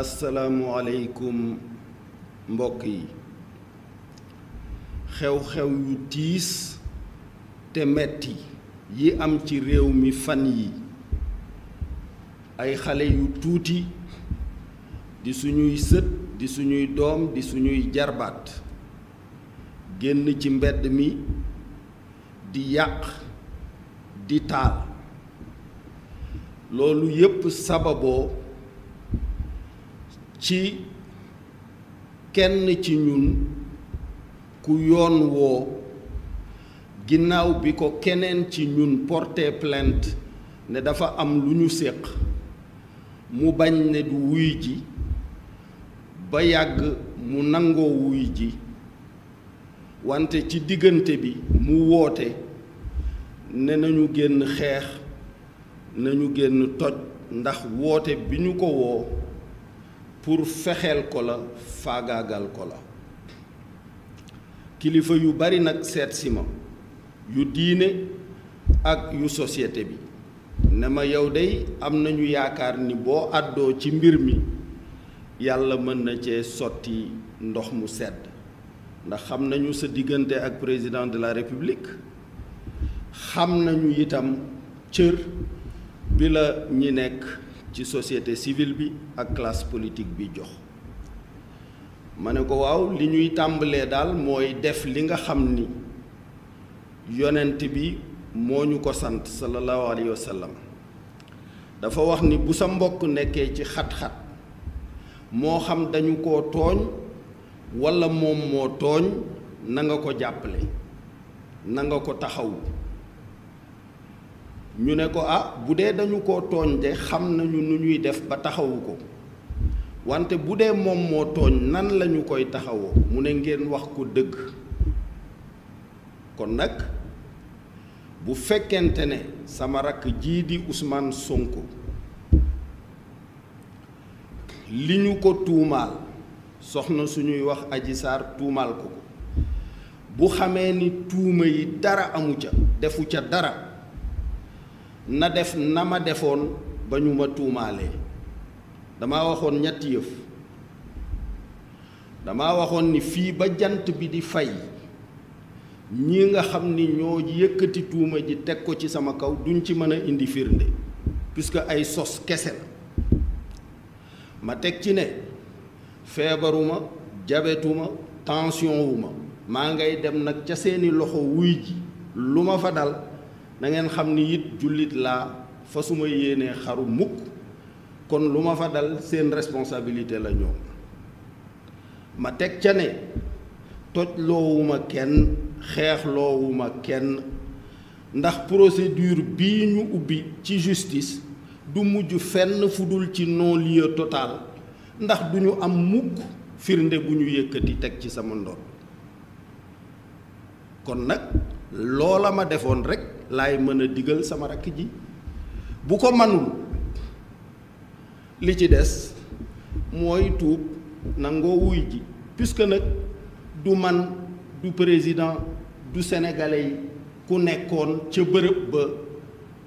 asalaamualeykum mbokk yi xew-xew yu tiis te metti yi am ci réew mi fan yi ay xale yu tuuti di suñuy sët di suñuy doom di suñuy jarbaat génn ci mbedd mi di yàq di taal loolu yépp sababoo ci kenn ci ñun ku yoon woo ginnaaw bi ko keneen ci ñun porté plainte ne dafa am lu ñu séq mu bañ ne du wuy ji ba yàgg mu nangoo wuy ji wante ci diggante bi mu woote ne nañu génn xeex nañu génn toj ndax woote bi ñu ko woo pour fexeel ko la faagaagal ko la kilifa yu bari nag seet ma yu diine ak yu société bi ne ma yow dey am nañu yaakaar ni boo àddoo ci mbir mi yàlla mën na cee sotti ndox mu sedd ndax xam nañu sa diggante ak président de la république xam nañu itam cër bi la ñi nekk ci société civile bi ak classe politique bi jox ma ne ko waaw li ñuy tàmbalee daal mooy def li nga xam ni yonent bi moo ñu ko sant sallallahu alayhi wa dafa wax ni bu sa mbokk nekkee ci xat-xat moo xam dañu ko tooñ walla moom moo tooñ na nga ko jàppale nanga ko taxawu ñu ne ko ah bu dee dañu ko tooñ de xam nañu nu ñuy def ba taxawu ko wante bu dee moom moo tooñ nan lañu koy taxawoo mu ne ngeen wax ko dëgg kon nag bu fekkente ne sama rakk jii di usmaan Sonko li ñu ko tuumaal soxna suñuy wax Adji Sarr tuumaal ko ko bu xamee ni tuuma yi dara amu ca defu ca dara na def na ma defoon ba ñu ma tuumaalee damaa waxoon ñetti yëf dama waxoon ni fii ba jant bi di fay ñi nga xam ni ñoo yëkkati tuuma ji teg ko ci sama kaw duñ ci mën a indi firnde puisque ay sos kese la ma teg ci ne feebaruma jabetuma tension wu maa ngay dem nag ca seeni loxo wuy ji lu ma fa dal na ngeen xam ni it jullit laa fasuma yéenee xaru mukk kon lu ma fa dal seen responsabilité la ñoom ma teg ca ne toj kenn xeexloowuma kenn ndax procédure bii ñu ubbi ci justice du mujj fenn fu dul ci non-lieu total ndax du ñu am mukk firnde gu ñu yëkkati teg ci sama ndoon kon nag loola ma defoon rekk laay mën a digal sama rakk ji bu ko manul li ci des mooy tuub nangoo wuy ji puisque nag du man du président du senegale yi ku nekkoon ca bërëb ba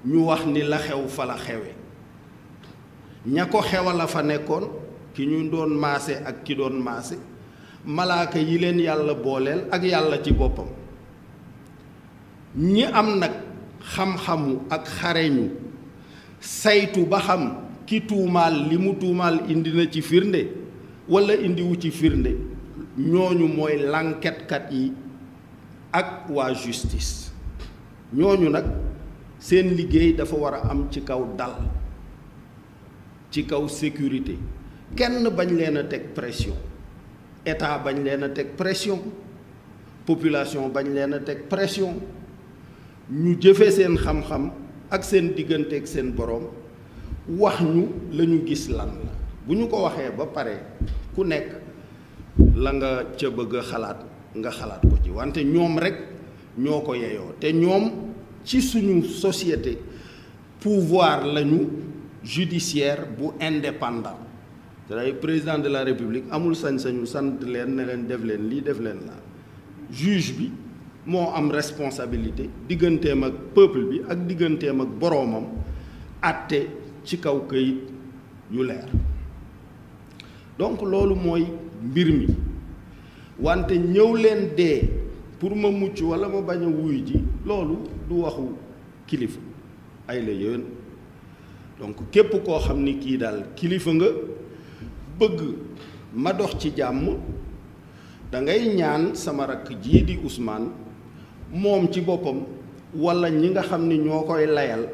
ñu wax ni la xew fa la xewe ña ko xewal la fa nekkoon ki ñu doon maase ak ki doon maase malaaka yi leen yàlla booleel ak yàlla ci boppam ñi am nag xam-xamu ak xareñu saytu ba xam ki tuumaal li mu tuumaal indi na ci firnde walla indiwu ci firnde ñooñu mooy lànketkat yi ak waa justice ñooñu nag seen liggéey dafa war a am ci kaw dal ci kaw sécurité kenn bañ leen a teg pression état bañ leen a teg pression population bañ leen a teg pression ñu jëfe seen xam-xam ak seen diggante ak seen boroom wax ñu la ñu gis lan la bu ñu ko waxee ba pare ku nekk la nga ca bëgg a xalaat nga xalaat ko ci wante ñoom rekk ñoo ko yeyoo te ñoom ci suñu société pouvoir lañu judiciaire bu indépendant cest à président de la république amul sañ-sañu sant leen ne leen def leen lii def leen la juge bi moo am responsabilité digganteem ak peuple bi ak digganteem ak boroomam àtte ci kaw këyit yu leer donc loolu mooy mbir mi wante ñëw leen dee pour ma mucc walla ma bañ a wuy ji loolu du waxu kilifa ay la donc képp koo xam ni kii daal kilifa nga bëgg ma dox ci jàmm da ngay ñaan sama rakk jii di Ousmane moom ci boppam walla ñi nga xam ni ñoo koy layal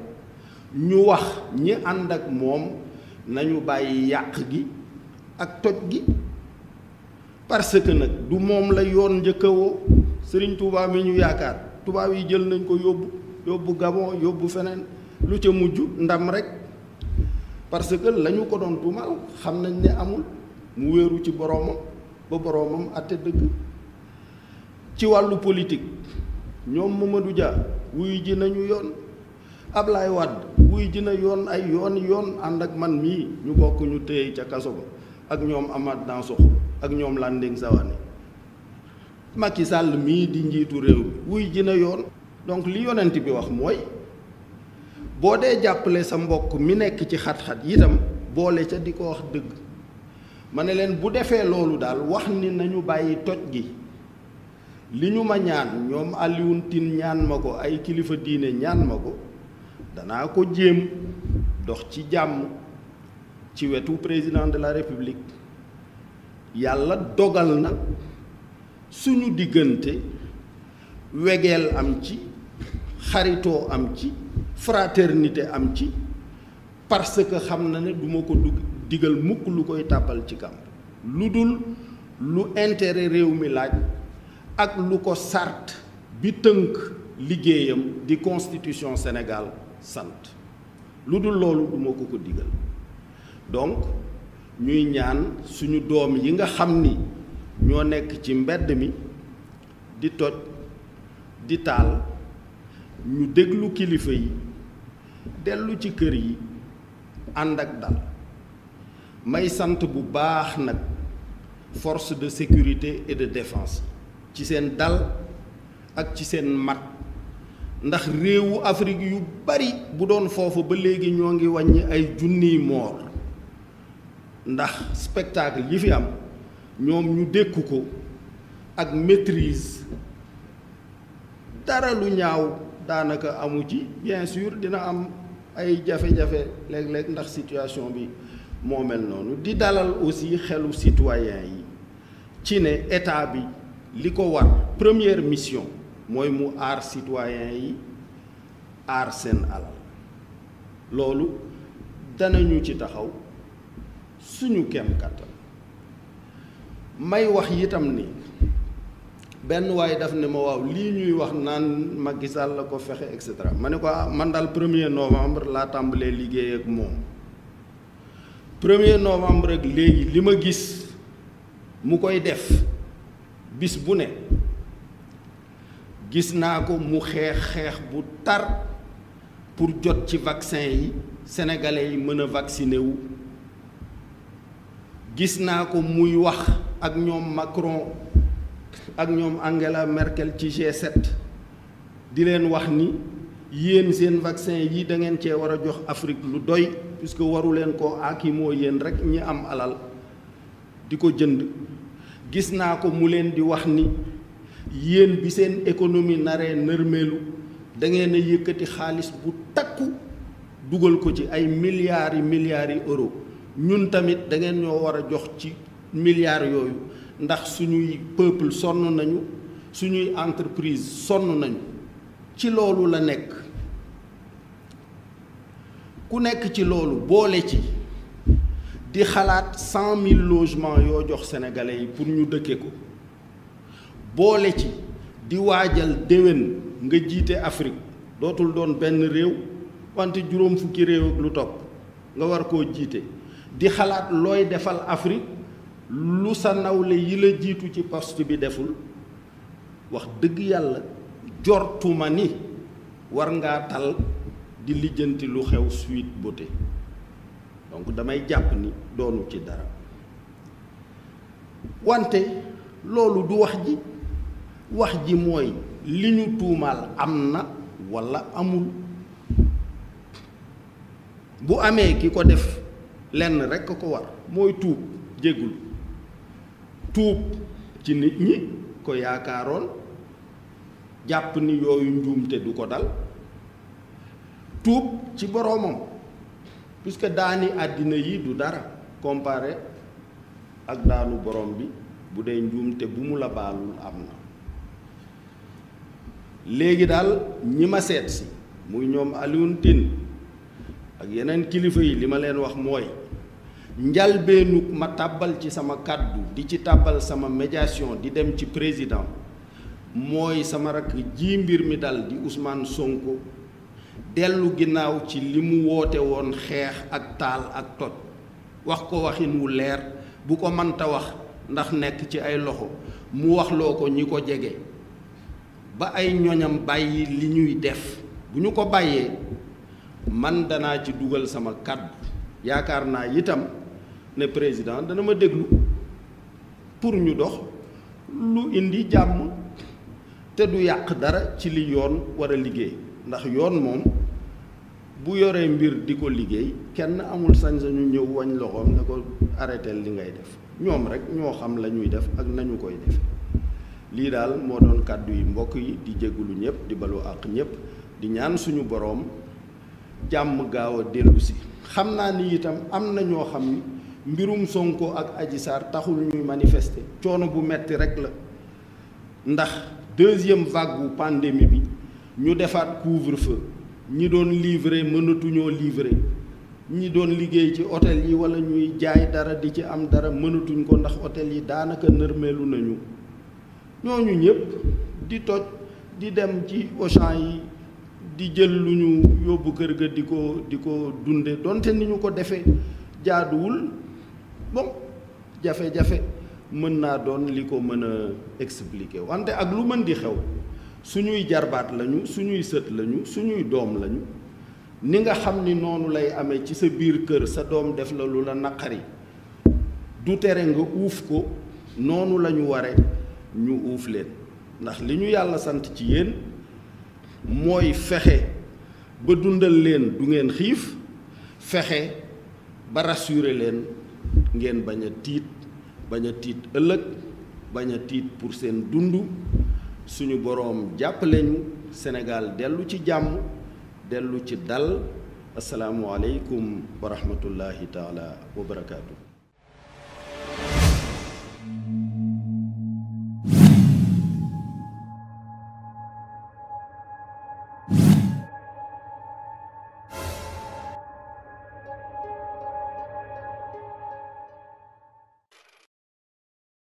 ñu wax ñi ànd ak moom nañu bàyyi yàq gi ak toj gi parce que nag du moom la yoon njëkkawoo sëriñ Touba mi ñu yaakaar tubaab yi jël nañ ko yóbbu yóbbu Gabon yóbbu feneen lu ca mujj ndam rekk parce que ko doon tuumal xam nañ ni amul mu wéeru ci boroomam ba boroomam àtte dëgg ci wàllu politique ñoom Mamadou Dia wuy ji nañu yoon ab lay Wade wuy ji na yoon ay yoon yoon ànd ak man mii ñu bokk ñu téye ca kaso ba ak ñoom Amath Dansokho ak ñoom Landing Savané Macky sàll mii di njiitu réew mi wuy ji na yoon donc li yonent bi wax mooy boo dee jàppale sa mbokk mi nekk ci xat-xat itam boole ca di ko wax dëgg ma ne leen bu defee loolu daal wax ni nañu bàyyi toj gi li ñu ma ñaan ñoom Alioune Tine ñaan ma ko ay kilifa diine ñaan ma ko danaa ko jéem dox ci jàmm ci wetu président de la république yàlla dogal na suñu diggante wegeel am ci xaritoo am ci fraternité am ci parce que xam na ne duma ko dugg digal mukk lu koy tàbbal ci kàmb lu dul lu intérêt réew mi laaj ak lu ko sart bi tënk liggéeyam di constitution Sénégal sant lu dul loolu du ko ko digal donc ñuy ñaan suñu doom yi nga xam ni ñoo nekk ci mbedd mi di toj di taal ñu déglu kilifa yi dellu ci kër yi ànd ak dal may sant bu baax nag force de sécurité et de défense ci seen dal ak ci seen mat ndax réewu Afrique yu bari bu doon foofu ba léegi ñoo ngi wàññi ay junniy moor ndax spectacle yi fi am ñoom ñu dékku ko ak maîtrise dara lu ñaaw daanaka amu ci bien sûr dina am ay jafe-jafe léeg-léeg ndax situation bi moo mel noonu di dalal aussi xelu citoyen yi ci ne état bi li ko war première mission mooy mu aar citoyen yi aar seen alal loolu ñu ci taxaw suñu kem kàttan may wax yitam ni benn waaye daf ne ma waaw lii ñuy wax naan Macky Sall la ko fexe et cetera ma ne ko ah, man daal premier novembre laa tàmbalee liggéey ak moom premier novembre ak léegi li ma gis mu koy def bis bu ne gis naa ko mu xeex xeex bu tar pour jot ci vaccin yi sénégalais yi mën a vacciné wu gis naa ko muy wax ak ñoom Macron ak ñoom Angela Merkel ci G7 di leen wax ni yéen seen vaccin yi da ngeen cee war a jox Afrique lu doy puisque waru leen koo akimoo yéen rekk ñi am alal di ko jënd gis naa ko mu leen di wax ni yéen bi seen économie naree nërmeelu da ngeen a yëkkati xaalis bu takku dugal ko ci ay milliards yi milliards yi euro ñun tamit da ngeen ñoo war a jox ci milliards yooyu ndax suñuy peuple sonn nañu suñuy entreprise sonn nañu ci loolu la nekk ku nekk ci loolu boole ci di xalaat cent mille yoo jox sénégalais yi pour ñu dëkke ko boole ci di waajal déwén nga jiite Afrique dootul doon benn réew wante juróom fukki réew lu topp nga war koo jiite di xalaat looy defal Afrique lu sa nawle yi la jiitu ci poste bi deful wax dëgg yàlla jortuma ni war ngaa tal di lijjanti lu xew Sweet Beauté donc damay jàpp ni doonu ci dara wante loolu du wax ji wax ji mooy li ñu tuumaal am na walla amul bu amee ki ko def lenn rekk a ko war mooy tuub jéggul tuub ci nit ñi ko yaakaaroon jàpp ni yooyu njuum te du ko dal tuub ci boroomam puisque daani àddina yi du dara comparé ak daanu borom bi bu dee njuumte bu mu la baalul am na léegi daal ñi ma seetsi si muy ñoom Alioune ak yeneen kilifa yi li ma leen wax mooy njalbeenug ma tàbbal ci sama kàddu di ci tàbbal sama médiation di dem ci président mooy sama rakk ji mbir mi dal di Ousmane Sonko dellu ginnaaw ci li mu woote woon xeex ak taal ak toj wax ko waxin wu leer bu ko manta wax ndax nekk ci ay loxo mu waxloo ko ñi ko jege ba ay ñoñam bàyyi li ñuy def bu ñu ko bàyyee man danaa ci dugal sama kàddu yaakaar naa itam ne président dana ma déglu pour ñu dox lu indi jàmm te du yàq dara ci li yoon war a liggéey ndax yoon moom bu yoree mbir di ko liggéey kenn amul sañ-sañu ñëw wañ loxoom ne ko arrêté li ngay def ñoom rekk ñoo xam lañuy def ak nañu koy def lii daal moo doon kàddu yi mbokk yi di jégalu ñëpp di balu àq ñépp di ñaan suñu boroom jàmm gaaw a dellu si xam naa ni itam am na ñoo xam ni mbirum Sonko ak Adji taxul ñuy manifester coono bu metti rek la ndax deuxième vague pandémie bi ñu defaat couvre-feu ñi doon livrer mënatuñoo livrer ñi doon liggéey ci hôtel yi walla ñuy jaay dara di ci am dara mënatuñ ko ndax hôtel yi daanaka nërmeelu nañu ñooñu ñëpp di toj di dem ci Auchan yi di jël lu ñu yóbbu kër ga di ko di ko dunde donte ni ñu ko defee jaaduwul bon jafe-jafe mën naa doon li ko mën a expliquer wante ak lu mën di xew suñuy jarbaat lañu suñuy sët lañu suñuy doom lañu ni nga xam ni noonu lay ame ci sa biir kër sa doom def la lu la naqari du tere nga uuf ko noonu lañu ware ñu uuf leen ndax li ñu yàlla sant ci yéen mooy fexe ba dundal leen du ngeen xiif fexe ba rassurer leen ngeen bañ a tiit bañ a tiit ëllëg bañ a tiit pour seen dund suñu boroom jàppale ñu Sénégal dellu ci jàmm dellu ci dal asalaamualeykum wa rahmatullahi taala wa barakaatu.